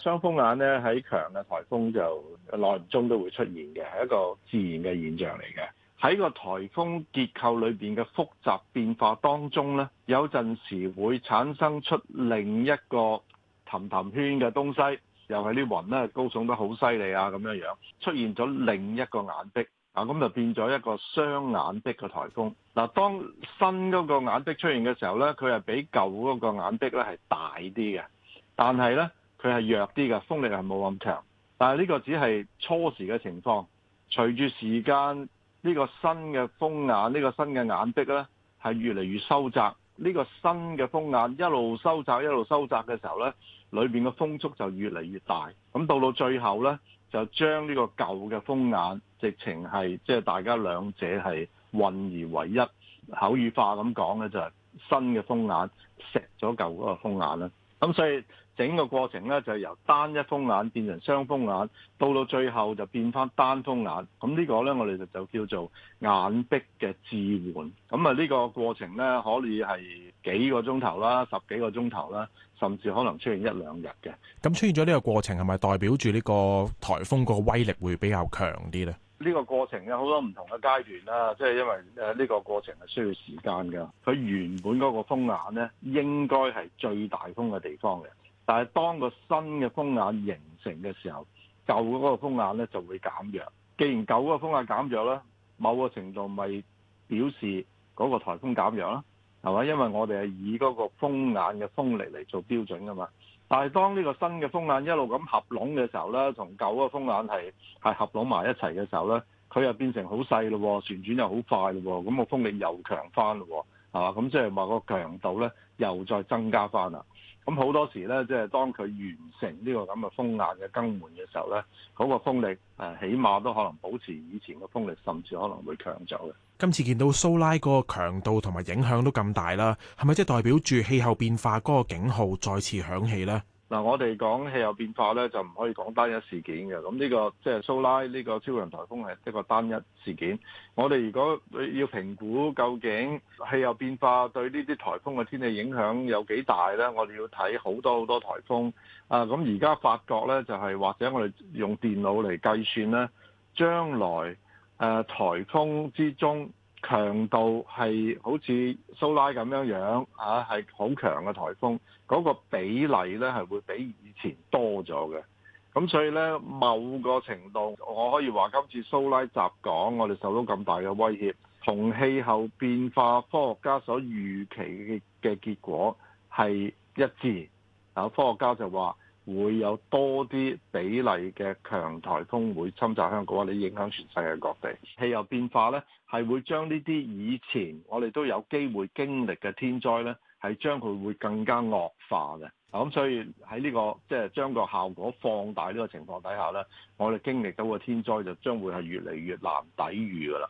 雙風眼咧，喺強嘅颱風就耐唔中都會出現嘅，係一個自然嘅現象嚟嘅。喺個颱風結構裏邊嘅複雜變化當中咧，有陣時會產生出另一個氹氹圈嘅東西，又係啲雲咧高聳得好犀利啊，咁樣樣出現咗另一個眼壁啊，咁就變咗一個雙眼壁嘅颱風嗱。當新嗰個眼壁出現嘅時候咧，佢係比舊嗰個眼壁咧係大啲嘅，但係咧，佢係弱啲嘅，風力係冇咁強。但係呢個只係初時嘅情況，隨住時間呢個新嘅風眼，呢個新嘅眼壁呢，係越嚟越收窄。呢個新嘅風眼一路收窄，一路收窄嘅時候呢，裏面嘅風速就越嚟越大。咁到到最後呢，就將呢個舊嘅風眼直情係即係大家兩者係混而為一。口語化咁講呢，就係新嘅風眼食咗舊嗰個風眼啦。咁所以整個過程咧就由單一風眼變成雙風眼，到到最後就變翻單風眼。咁呢個咧我哋就就叫做眼壁嘅置換。咁啊呢個過程咧可以係幾個鐘頭啦、十幾個鐘頭啦，甚至可能出現一兩日嘅。咁出現咗呢個過程係咪代表住呢個颱風個威力會比較強啲咧？呢個過程有好多唔同嘅階段啦，即係因為誒呢個過程係需要時間㗎。佢原本嗰個風眼呢應該係最大風嘅地方嘅。但係當個新嘅風眼形成嘅時候，舊嗰個風眼呢就會減弱。既然舊嗰個風眼減弱咧，某個程度咪表示嗰個颱風減弱啦。係嘛？因為我哋係以嗰個風眼嘅風力嚟做標準㗎嘛。但係當呢個新嘅風眼一路咁合攏嘅時候咧，同舊個風眼係係合攏埋一齊嘅時候咧，佢又變成好細咯，旋轉又好快咯，咁個風力又強返咯，係嘛？咁即係話個強度咧又再增加返啦。咁好多時咧，即係當佢完成呢個咁嘅眼壁嘅更換嘅時候咧，嗰個風力起碼都可能保持以前嘅風力，甚至可能會強咗嘅。今次見到蘇拉嗰個強度同埋影響都咁大啦，係咪即係代表住氣候變化嗰個警號再次響起咧？嗱，我哋講氣候變化咧，就唔可以講單一事件嘅。咁呢、這個即係蘇拉呢個超強颱風係一個單一事件。我哋如果要評估究竟氣候變化對呢啲颱風嘅天氣影響有幾大呢？我哋要睇好多好多颱風。啊，咁而家發覺呢，就係、是、或者我哋用電腦嚟計算呢，將來誒颱、呃、風之中。強度係好似蘇拉咁樣樣嚇，係好強嘅颱風，嗰、嗰個比例呢係會比以前多咗嘅。咁所以呢，某個程度，我可以話今次蘇拉襲港，我哋受到咁大嘅威脅，同氣候變化科學家所預期嘅嘅結果係一致。啊，科學家就話。會有多啲比例嘅強台風會侵襲香港，話你影響全世界各地氣候變化呢係會將呢啲以前我哋都有機會經歷嘅天災呢，係將佢會更加惡化嘅。咁所以喺呢、這個即係、就是、將個效果放大呢個情況底下呢，我哋經歷到嘅天災就將會係越嚟越難抵禦噶啦。